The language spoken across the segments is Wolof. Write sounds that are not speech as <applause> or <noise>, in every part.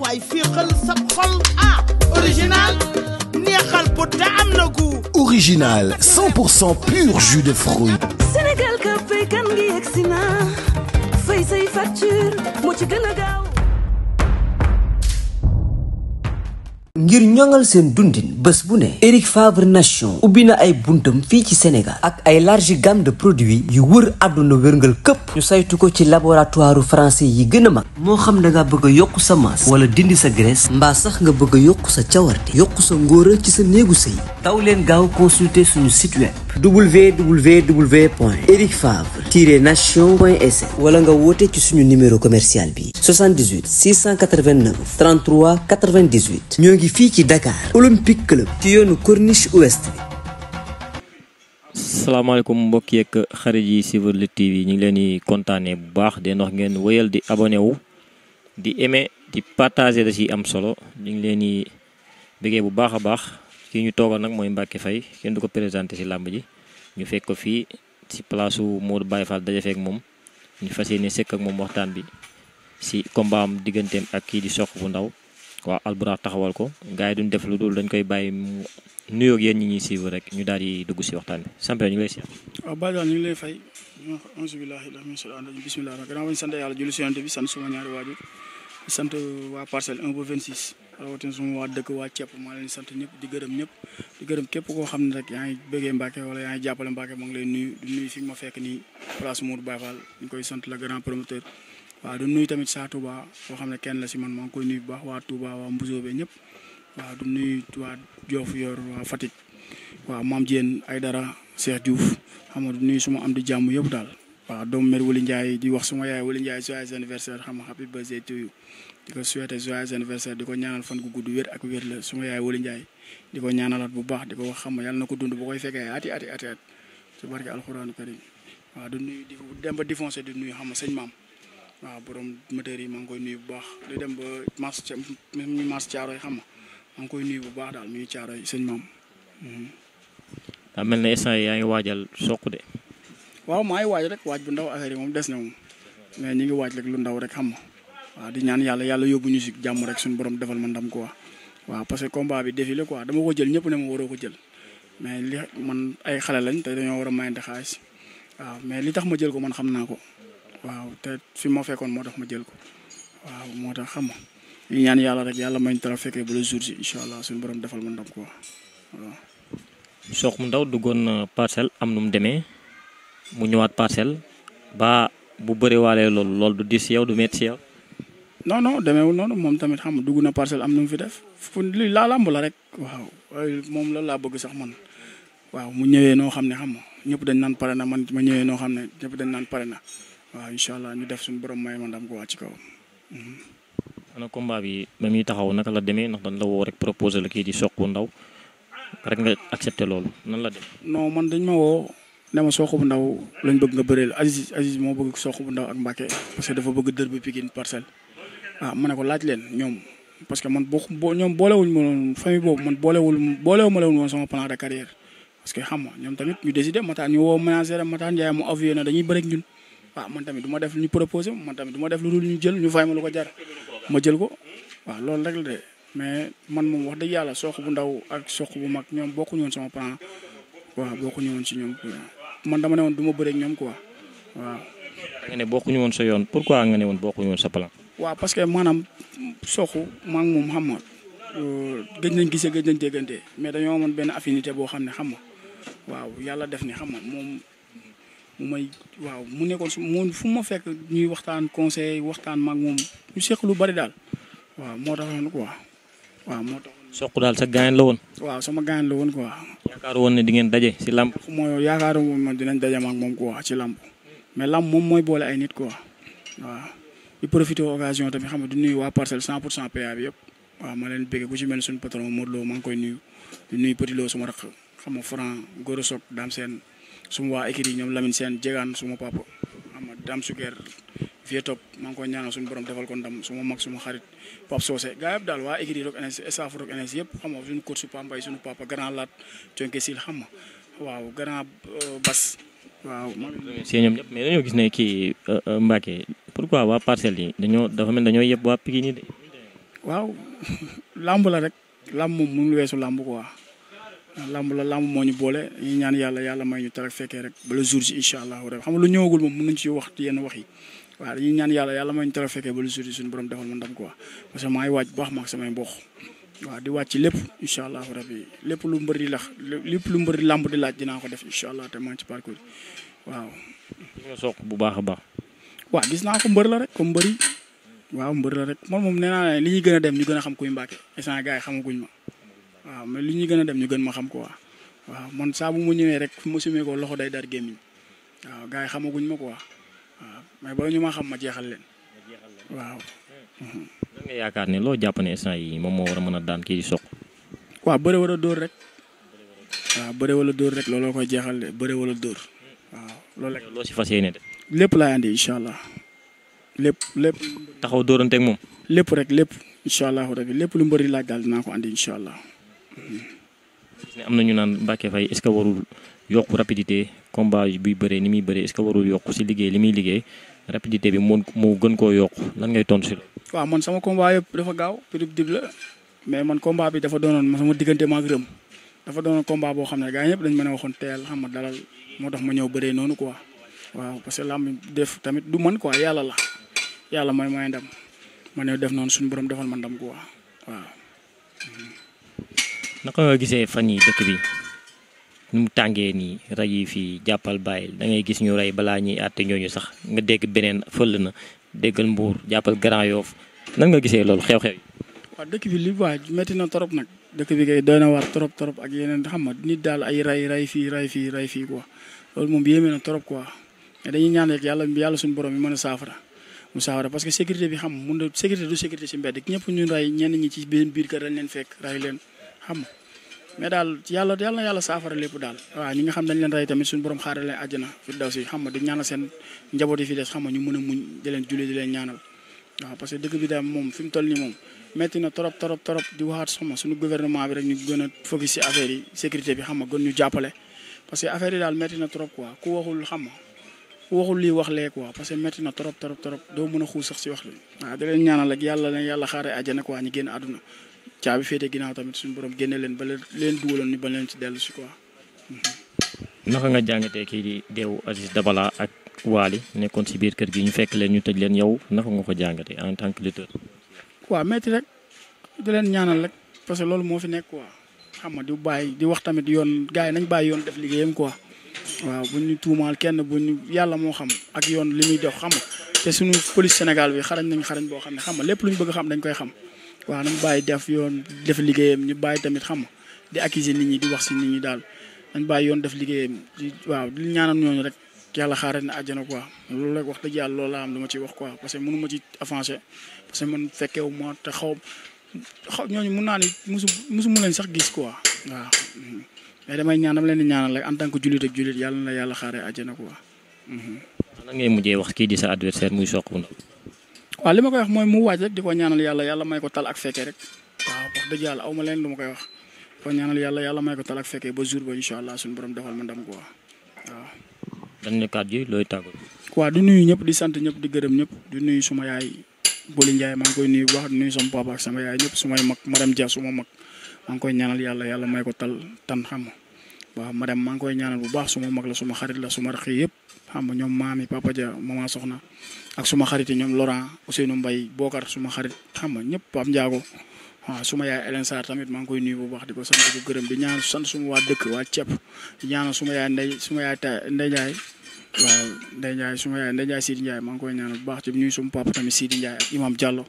waay fii ah, original neexal bu te am na original pur jus de fruits Sénégal ka fay kan ngi yegsi fay say facture ngir ñoŋal seen dundin bés bu ne Eric Favre Nation ubbi na ay buntam fii ci Sénégal ak ay large gamme de produits yu wër àdduna wërngal këpp ñu saytu ko ci laboratoire français yi gën a mag moo xam da nga bëgg a yokk sa masse wala dindi sa graisse mbaa sax nga bëgg a yokk sa cawarte yokk sa ngóora ci sa néegu sëy daw leen gaaw consulter suñu site www point Eric Favre tiret nation point wala nga woote ci suñu numéro commercial bi 78 689 33 98 ñoo ngi fii ci Dakar Olympique Club ci yoonu Corniche Ouest bi salaamaaleykum mbokk yeeg xarit yi suivre Lutte TV ñu ngi leen di kontaanee bu baax den wax ngeen wéyal di abonné wu di aimé di partagé da ci am solo ñu ngi leen di bëggee bu baax a baax kii ñu toogal nag mooy Mbacke Faye kenn du ko présenté si làmb ji ñu fekk ko fii si place su Modou Baye Fall daje bi si combat am digganteem ak kii di Sokh bu ndaw waa Alburax taxawal ko gars yi duñ def lu dul dañ koy bàyyi mu nuyoog yéen ñi ñuy suivre rek ñu daal di dugg si waxtaan bi Sampa ñu ngi lay si. waaw Badara ñu ngi lay fay. bisimilah. sant waa parcelle 1 ba 26 rawatina suma waa dëkk waa ceeb maa leen sant ñëpp di gërëm ñëpp di gërëm képp koo xam ne rek yaa ngi bëggee Mbacke wala yaa ngi jàppale Mbacke maa ngi lay nuyu di nuyu fi ma fekk nii place Mour Baye Fall ñu koy sant la grand promoteur. waaw du nuyu tamit saa Touba koo xam ne kenn la si man maa ngi koy nuyu baax waa Touba waa Mbousobé ñëpp waaw du nuyu waa Diof yor waa Fatick waaw maam Diène Aydara Cheikh Diouf xam nga du nuyu suma am di jàmm yëpp daal. waaw doomu mère Wuli Ndiaye di wax suma yaay Wuli Ndiaye joyeux anniversaire xam nga happy birthday to you di ko souhaiter joyeux anniversaire di ko ñaanal fan gu gudd wér ak wér la suma yaay Wuli di ko ñaanalaat bu baax di ko wax xam nga yàlla na ko dund ba koy fekkee ati ati ati at ci barke alxuraanu karim waa du nuyu di dem ba défoncé di nuy xam nga sëñ maam waaw borom moteur yi maa ngi koy nuyu bu baax di dem ba mars mi mars caaroy xam nga maa ngi koy nuy bu baax daal mu caaroy sëñ maam. Mhm. daa mel ne instant yaa ngi waajal soq de. waaw maa ngi waaj rek waaj bu ndaw affaire moom des na moom mais ñi ngi waaj rek lu ndaw rek xam nga waaw di ñaan yàlla yàlla yóbbu ñu si jàmm rek suñu borom defal ma ndam quoi waaw parce que combat bi défilé quoi dama ko jël ñëpp ne ma waroo ko jël mais li man ay xale lañ dañoo war a mayante xaalis waaw mais li tax ma jël ko man xam naa ko waaw te fi ma fekkoon moo tax ma jël ko waaw moo tax xam nga li ñaan yàlla rek yàlla mañ tara fekkee ba le jour ji incha suñu borom defal ma ndam quoi waaw. Sokh mu ndaw duggoon parcel am nu mu demee. mu ñëwaat parcelle ba bu bëri waalee loolu loolu du di si du métti si yow. non non demeewul noonu moom tamit xam dugg na parcelle am nu mu fi def fu li laa làmb la rek waaw moom la laa bëgg sax man waaw mu ñëwee noo xam ne xam nga ñëpp dañ naan pare na man ma ñëwee noo xam ne ñëpp dañ naan pare na waaw incha allah ñu def suñu borom may ma dam ko waa ci kawam. Mhm. ana combat bi ba muy taxaw naka la demee ndax dañ la woo rek proposé la kii di Sokh bu Ndaw rek nga accepté loolu nan la dem. non man dañ ma ne ma Sokh bu ndaw lañ bëgg nga bëreel Aziz Aziz moo bëgg Sokh bu ndaw ak Mbacké parce dafa bëgg dër bi Pikine parcelle ah ma ne ko laaj leen ñoom parce que man boo ñoom boolewuñ ma noonu man boolewul boolewuma leen woon sama plan de carrière parce que xam nga ñoom tamit ñu décidé Matar ñu woo manager Matar Ndiaye dañuy bëri ak ñun waaw ah, tamit ma def ñu proposé man tamit du ma def lu dul jël ñu fay ma lu ko jar ma jël ko waaw loolu rek de mais man moom wax dëgg yàlla Sokh bu ndaw ak Sokh bu mag ñoom bokkuñu woon sama plan waaw bokkuñu woon ci ñoom man dama ne woon du ma bëre ak ñoom quoi waaw. da nga ne bokkuñu woon sa yoon pourquoi nga ne woon boo bokkuñu woon sa plan. waaw parce que maanaam soxu maa moom xam nga euh, gëj nañ gisee gëj nañ déggante mais dañoo amoon benn affinité boo xam ne xam nga waaw yàlla def ni xam nga moom mu may waaw mu nekkoon su moom fu ma fekk ñuy waxtaan conseil waxtaan maag moom ñu seq lu bari daal waaw moo taxoon quoi waaw moo tax. soq daal sa gaañ la woon. waaw sama gaañ la woon quoi. yaakaar woon ne di ngeen daje si làmb. mooy yaakaar woon ma dinañ daje ma ak moom quoi ci làmb mais làmb moom mooy boole ay nit quoi waaw di profité occasion tamit xam nga di nuyu waa parcelle 100 pour 100 PA bi yëpp waaw ma leen bëgg ku ci mel ni suñu patron Modou Lo maa ngi koy nuyu di nuyu Petit Lo suma rakk xam nga Franc Goro Sock Dame Sène suma waa équipe yi ñoom Lamine Sène Diegane suma papa xam nga Dame fii topp maa ngi koy ñaanal suñu borom defal ko ndam suma mag suma xarit Pape Socé gars yëpp daal waa écurie Rock Énergie staff Rock Énergie yëpp xam nga suñu coach Pape Mbaye suñu papa grand laat conke sil waaw grand euh, bas waaw si ñoom mais dañoo gis ne kii euh, euh, Mbacké pourquoi waa parcelles yi dañoo dafa mel dañoo yëpp waa Pikine yi de waaw <laughs> làmb la rek làmb moom mënul weesu làmb quoi làmb la làmb moo ñu boole ñu ñaan yàlla yàlla may ñu tarak fekkee rek bala jour si incha allahu rek xam waa dañuy ñaan yàlla yàlla mooy ñu tara fekkee ba lu suri suñu borom defal ma ndam quoi parce que maa waaj baax ma samay mboq waaw di wàcc lépp incha allah rabi lépp lu mbër di lax lépp lu mbër di làmb di laaj dinaa ko def incha allah te maa ci parcours waaw. bu baax a baax. waaw gis naa ko mbër la rek comme mbër yi waaw mbër la rek moom nee naa ne li ñuy gën dem ñu gën xam kuy Mbàkke instant gars yi xamaguñ ma li ñuy gën a dem ñu gën ma xam quoi waaw man saa bu ma ñëwee rek mu ma sumee ko loxo day dar gémmiñ waaw gars yi xamaguñ ma quoi. waaw mais ba ñu ma xam ma jeexal leen. waaw. lan nga yaakaar ne loo jàpp ne instant yi moom moo war a mën a daan kii di Sokh. waaw bëre wala dóor rek. waaw bëre wala dóor rek looloo koy jeexal de bëre wala dóor. waaw loolu loo si fa yéene de. lépp laay andi incha lépp lépp. taxaw dóorante ak moom. lépp rek lépp incha allah lépp lu mbëri laaj daal dinaa ko andi incha ne am na ñu naan Mbacké Faye est-ce que warul yokk rapidité combat bi bëree ni muy bëree est warul yokk si liggéey li muy liggéey rapidité bi mu mu gën koo yokk lan ngay tontu si la. waaw man sama combat yëpp dafa gaaw pédub dib la mais man combat bi dafa doonoon sama diggante maag rëm dafa doonoon combat boo xam ne gars ñëpp dañ mën a waxoon teel xam nga dalal moo tax ma ñëw bëree noonu quoi waaw parce que lamb def tamit du man quoi yàlla la yàlla mooy may ndam ma ñëw def noonu suñu borom defal ma ndam quoi waaw. naka nga gisee fan yi dëkk bi nu mu tàngee nii rey yi fii jàppal bàyyil da ngay gis ñu rey balaa ñuy àtte ñooñu sax nga dégg beneen fël na déggal mbuur jàppal Grand Yoff nan nga gisee loolu xew-xew yi. waaw dëkk bi li waa métti na trop nag dëkk bi kay doy na waar trop trop ak yeneen xam ma nit daal ay rey rey fii rey fii rey fii quoi loolu moom yéeme na trop quoi mais dañuy ñaan rek yàlla yàlla suñu borom mën a saafara mu saafara parce que sécurité bi xam ñi ci biir kër dañ leen fekk rey leen xam nga daal yàlla yàlla na yàlla saafara lépp daal waa ñi nga xam dañ leen rey tamit suñu borom xaaral leen àjjana firdawsi xam nga di ñaanal seen njaboot yi fi des xam nga ñu mën a muñ di leen julli di leen ñaanal waaw parce bi daal moom fi mu toll nii moom metti na trop trop trop di waxaat soxma suñu rek ñu gën a focus affaire yi sécurité bi xam nga ñu jàppale parce que affaire yi daal metti na trop quoi ku waxul xam nga wax lee quoi parce que metti na trop trop trop doo mën wax bi leen yàlla na yàlla xaaree àjjana quoi ñu génn àdduna caabi féete ginnaaw tamit suñu borom génne leen ba leen duwaloon ni ba leen ci dellu si quoi. naka nga jàngatee kii di deewu Aziz Dabala ak Waly nekkoon si biir kër gi ñu fekk leen ñu tëj leen yow naka nga ko jàngatee en tant que lutteur. waaw métti rek di leen ñaanal rek parce que loolu moo fi nekk quoi xam nga di bàyyi di wax tamit yoon gars yi nañ bàyyi yoon def liggéeyam quoi. waaw bu ñu tuumaal kenn bu ñu yàlla moo xam ak yoon li muy def xam nga te suñu police Sénégal bi xarañ nañ xam ne xam nga lépp lu bëgg xam dañ koy xam. waaw nañ bàyyi def yoon def liggéeyam ñu bàyyi tamit xam di accuser nit ñi di wax si nit ñi daal nañ bàyyi yoon def liggéeyam waaw li ñaanal ñooñu rek yàlla xaaral na àjjana quoi loolu rek wax dëgg yàlla loolu laa am lu ma ciy wax quoi parce que mënu ma ci avancé parce que man fekkewu ma te xaw xaw ñooñu mun naa ni musu musu mu leen sax gis quoi waaw mais ñaan dama leen di ñaanal rek en tant que jullit ak jullit yàlla na la yàlla xaaree àjjana quoi. nan ngay mujjee wax kii di sa adversaire muy Sokh bu Ndaw waaw li ma koy wax mooy mu waaj rek di ko ñaanal yàlla yàlla may ko tal ak fekkee rek waaw wax yàlla aw ma leen lu ma koy wax ko ñaanal yàlla yàlla may ko tal ak fekkee ba jour ba incha allah suñu borom defal ma ndam quoi waaw. dañ ne kàddu yi looy tàggu. waaw di nuyu ñëpp di sant ñëpp di gërëm ñëpp di nuyu suma yaay Boli Ndiaye maa ngi koy nuyu wax baax di nuyu sama papa ak sama yaay ñëpp sumay mag madame Dia suma mag maa ngi koy ñaanal yàlla yàlla may ko tal tan xam waaw madame maa ngi koy ñaanal bu baax suma mag la suma xarit la suma rax yëpp xam nga ñoom maami papa ja mama soxna ak suma xarit yi ñoom Laurent Ousseynou mbay Bokar suma xarit xam nga ñëpp am njaago waaw suma yaay Elen Sarr tamit maa ngi koy nuyu bu baax di ko sant di ko ñaan sant suma waa dëkk waa ceeb di ñaanal suma yaay ndey suma yaay ta ndey Ndiaye waaw ndey Ndiaye suma yaay ndey maa ngi koy ñaanal bu baax di nuyu suma papa tamit Sidi Ndiaye ak imam Diallo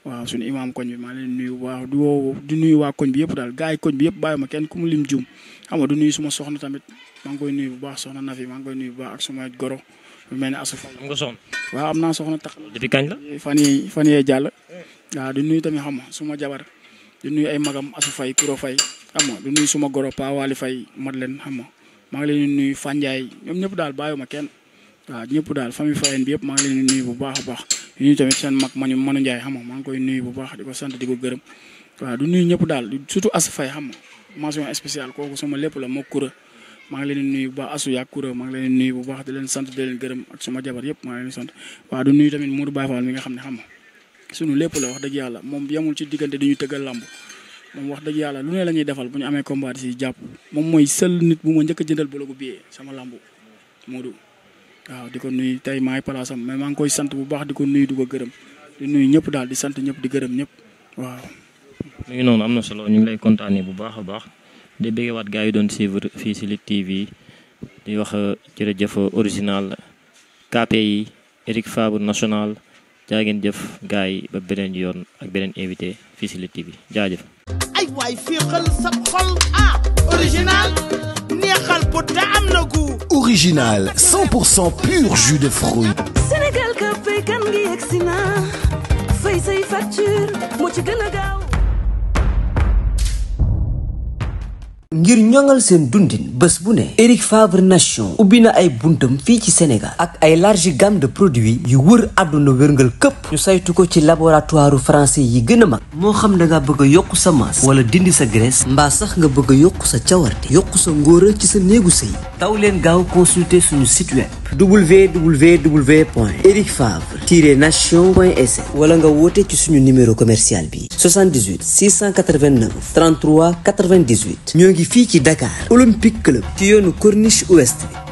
waaw suñu imaam koñ bi maa leen nuyu waaw du woo nuyu waa koñ bi yëpp daal gars yi koñ bi yëpp bàyyi ma kenn ku mu lim juum xam nga soxna tamit maa ngi nuyu bu baax soxna Nafi maa ngi koy nuyu bu baax ak goro bu mel ne asufa am nga soxna waaw am naa soxna tax depuis kañ la eh, fan yi fan yee jàll waaw nuyu tamit xam nga suma jabar du nuyu ay magam asu fay kuro fay xam nga nuyu suma goro Pa Wali fay mat leen xam maa ngi leen nuyu Fanjaay ñoom ñëpp daal bàyyi ma kenn waaw ñëpp daal famille fayen bi yëpp maa ngi leen di nuyu bu baax a baax di nuyu tamit seen mag mañu manu Ndiaye xam nga maa ngi koy nuyu bu baax di ko sant di ko gërëm waaw du nuyu ñëpp daal surtout Assa Faye xam mention spéciale kooku sama lépp la moo kura maa ngi leen di nuyu bu baax asu yaag kura maa ngi leen nuyu bu baax di leen sant di leen gërëm ak suma jabar yëpp maa ngi leen sant waaw du nuyu tamit Modou Baye Fall mi nga xam ne xam nga suñu lépp la wax dëgg yàlla moom yemul ci diggante di ñu tëggal làmb moom wax dëgg yàlla lu ne la ñuy waaw di ko nuyu tey maay palaasam mais maa ngi koy sant bu baax di ko nuyu di ko gërëm di nuyu ñëpp daal di sant ñëpp di gërëm ñëpp waaw. mi noonu am na solo ñu ngi lay kontaanee bu baax a baax di bëggewaat gars yi doon suivre fii si Lutte TV di wax euh, jërëjëf euh, original KPI Eric Fabre national jaa ngeen jëf gars yi ba beneen yoon ak beneen invité fii si Lutte TV jaajëf. ay bopp te am original pur jus de fruits. Sénégal ka fay kan gi ngir ñoŋal seen dundin bés bu ne Eric Favre Nation ubbi na ay buntam fii ci Sénégal ak ay large gamme de produits yu wër àdduna wërngal këpp ñu saytu ko ci laboratoire français yi gën a mag moo xam da nga bëgg a yokk sa masse wala dindi sa graisse mbaa sax nga bëgg a yokk sa cawarte yokk sa ngóora ci sa néegu sëy taw leen gaaw consulter suñu site web www.ericfavre tiire nation point wala nga woote ci suñu numéro commercial bi 78 689 33 98 ñoo ngi fii ci Dakar Olympique Club ci yoonu corniche ouest